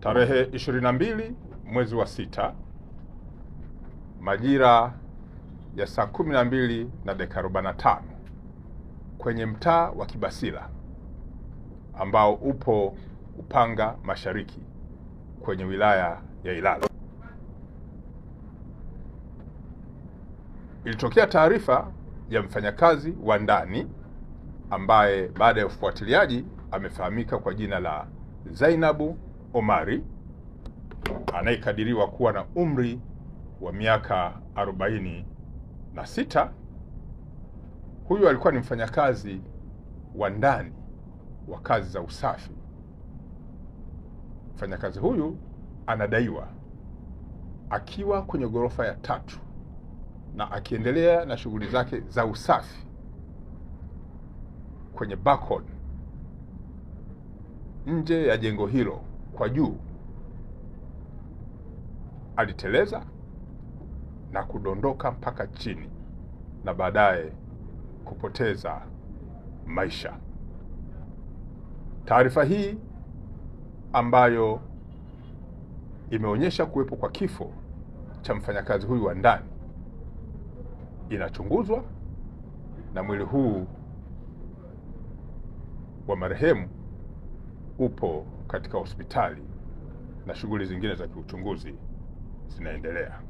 tarehe 22 mwezi wa sita majira ya saa 12 na dakika 45 kwenye mtaa wa Kibasila ambao upo Upanga Mashariki kwenye wilaya ya Ilala. Ilitokea taarifa ya mfanyakazi wa ndani ambaye baada ya ufuatiliaji amefahamika kwa jina la Zainabu Omari anayekadiriwa kuwa na umri wa miaka arobaini na sita. Huyu alikuwa ni mfanyakazi wa ndani wa kazi za usafi. Mfanyakazi huyu anadaiwa akiwa kwenye ghorofa ya tatu na akiendelea na shughuli zake za usafi kwenye balkoni nje ya jengo hilo kwa juu, aliteleza na kudondoka mpaka chini na baadaye kupoteza maisha. Taarifa hii ambayo imeonyesha kuwepo kwa kifo cha mfanyakazi huyu wa ndani inachunguzwa na mwili huu wa marehemu upo katika hospitali na shughuli zingine za kiuchunguzi zinaendelea.